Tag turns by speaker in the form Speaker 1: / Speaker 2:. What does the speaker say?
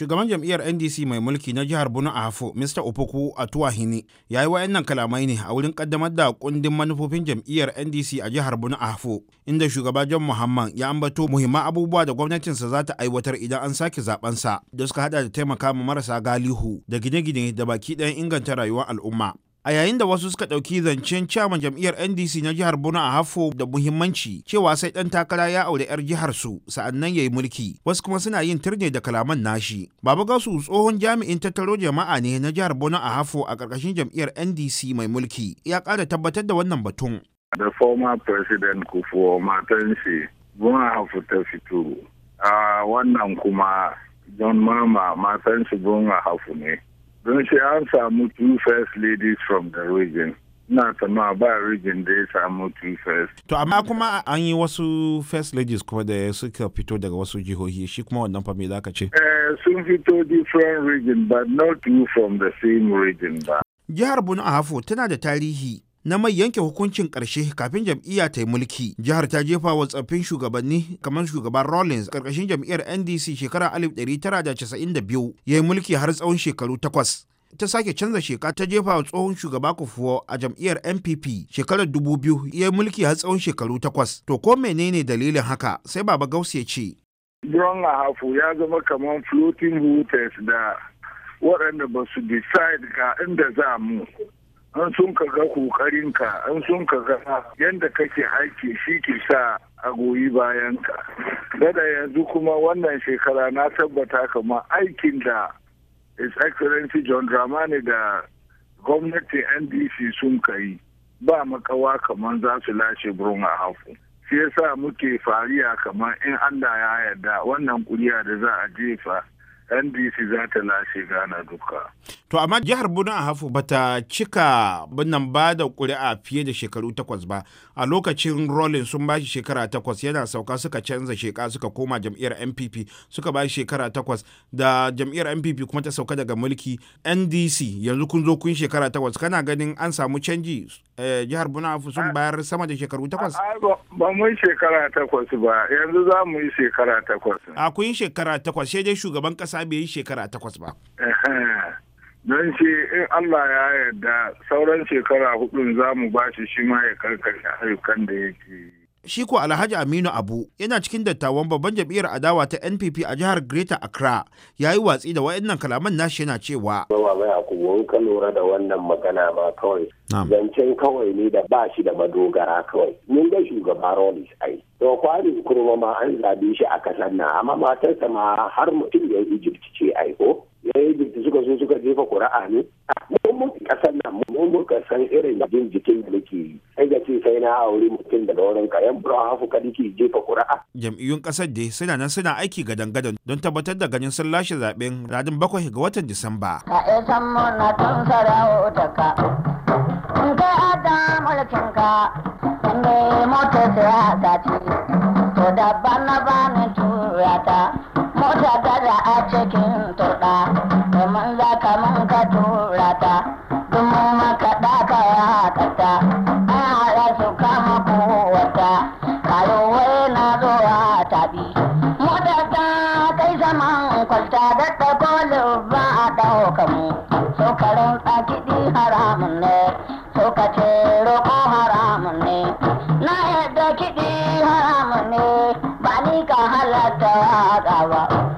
Speaker 1: shugaban jam'iyyar ndc mai mulki na jihar borno a hafo mr opoku atuwahini ya yi wa'annan kalamai ne a wurin kaddamar da kundin manufofin jam'iyyar ndc a jihar borno a hafo inda shugaba john muhammad ya ambato muhimman abubuwa da gwamnatinsa za ta aiwatar idan an sake zabensa da suka hada da taimaka ma marasa galihu da gine-gine da baki ɗayan inganta rayuwar al'umma a yayin da wasu suka ɗauki zancen caman jam'iyyar ndc na jihar borno a hafo da muhimmanci cewa sai ɗan takara ya aure 'yar jihar su sa'annan ya yi mulki wasu kuma suna yin turne da kalaman nashi baba gasu tsohon jami'in tattaro jama'a ne na jihar borno a hafo a ƙarƙashin jam'iyyar ndc mai mulki ya ƙara tabbatar da wannan batun.
Speaker 2: da former president kufuwa matan shi buna hafu ta fito a wannan kuma john mama matan shi hafu ne don shi an samu two first ladies from the region na sama ba region da ya samu two first to amma kuma
Speaker 1: an yi wasu first ladies kuma da suka fito daga wasu jihohi shi kuma wannan fami me ka ce
Speaker 2: eh sun fito different region but not two from the same region ba
Speaker 1: jihar Borno a Hafo tana da tarihi na mai yanke hukuncin ƙarshe kafin jam'iyya ta yi mulki jihar ta jefa wa tsaffin shugabanni kamar shugaban rawlins karkashin jam'iyyar ndc shekara 1992 ya yi mulki har tsawon shekaru takwas ta sake canza sheka ta jefa wa tsohon shugaba kufuwa a jam'iyyar npp shekarar 2000 ya yi mulki har tsawon shekaru takwas to ko menene dalilin haka sai baba gaus ya ce
Speaker 2: a hafu ya zama kamar floating voters da waɗanda ba su decide ga inda za mu an sun ka ga ka an sun ka ga yadda kake aiki shi ke sa a goyi bayanka dada yanzu kuma wannan shekara na tabbata kama aikin da his excellency john dramani da gwamnatin ndc sun kai ba makawa kamar za su lashe burin a hafu shi yasa muke fariya kamar in allah ya yarda wannan kuriya da za a jefa ndc za ta lashe gana duka
Speaker 1: To amma jihar Borno a hafu bata cika binnan ba da ƙuri'a fiye da shekaru takwas ba. A lokacin Rolling sun bashi shekara takwas yana sauka suka canza sheka suka koma jam'iyyar NPP suka bashi shekara takwas da jam'iyyar NPP kuma ta sauka daga mulki NDC yanzu kun zo kun shekara takwas kana ganin an samu canji eh, jihar Borno a sun bayar sama da shekaru takwas? Ba mu yi shekara
Speaker 2: takwas ba yanzu za mu yi shekara takwas.
Speaker 1: A kun yi shekara takwas sai dai shugaban kasa bai yi shekara takwas ba.
Speaker 2: don shi in Allah ya yarda sauran shekara hudun za mu ba shi shi ma ya karkashe ayyukan da yake
Speaker 1: Shi ko Alhaji Aminu Abu yana cikin dattawan babban jam'iyyar adawa ta NPP a jihar Greater Accra ya yi watsi da wa'annan kalaman nashi yana cewa.
Speaker 2: Bawa mai akubu ka lura da wannan magana ma kawai. Zancen kawai ne da ba shi da madogara kawai. Mun ga shugaba Rollins ai. To kwari kurma ma an zabe shi a kasan nan amma matarsa ma har mutum ya Egypt ce ai ko. jefa ƙuri'a ne a mun ƙasar nan mun ƙasar irin irin jin jikin da nake yi sai ga ce sai na aure mutum daga wurin kayan bura hafu ka nake
Speaker 1: jefa ƙuri'a jam'iyyun kasar dai suna nan suna aiki gadan-gadan don tabbatar da ganin sun lashe zaben radin bakwai ga watan disamba
Speaker 3: ka isan muna tun sarautaka in kai adam mulkinka in dai motar siyasa ce to dabban na ba turata duk makaɗa ka ya haƙata haɗa su kama kowata karuwai na zuwa tabi motar kai zama kwalta da ta kolin ba a ɗauka mu sokarin tsakiɗi haramun ne suka roƙo haramun ne na yadda kiɗi haramun ne ba ni ka halatta waƙa ba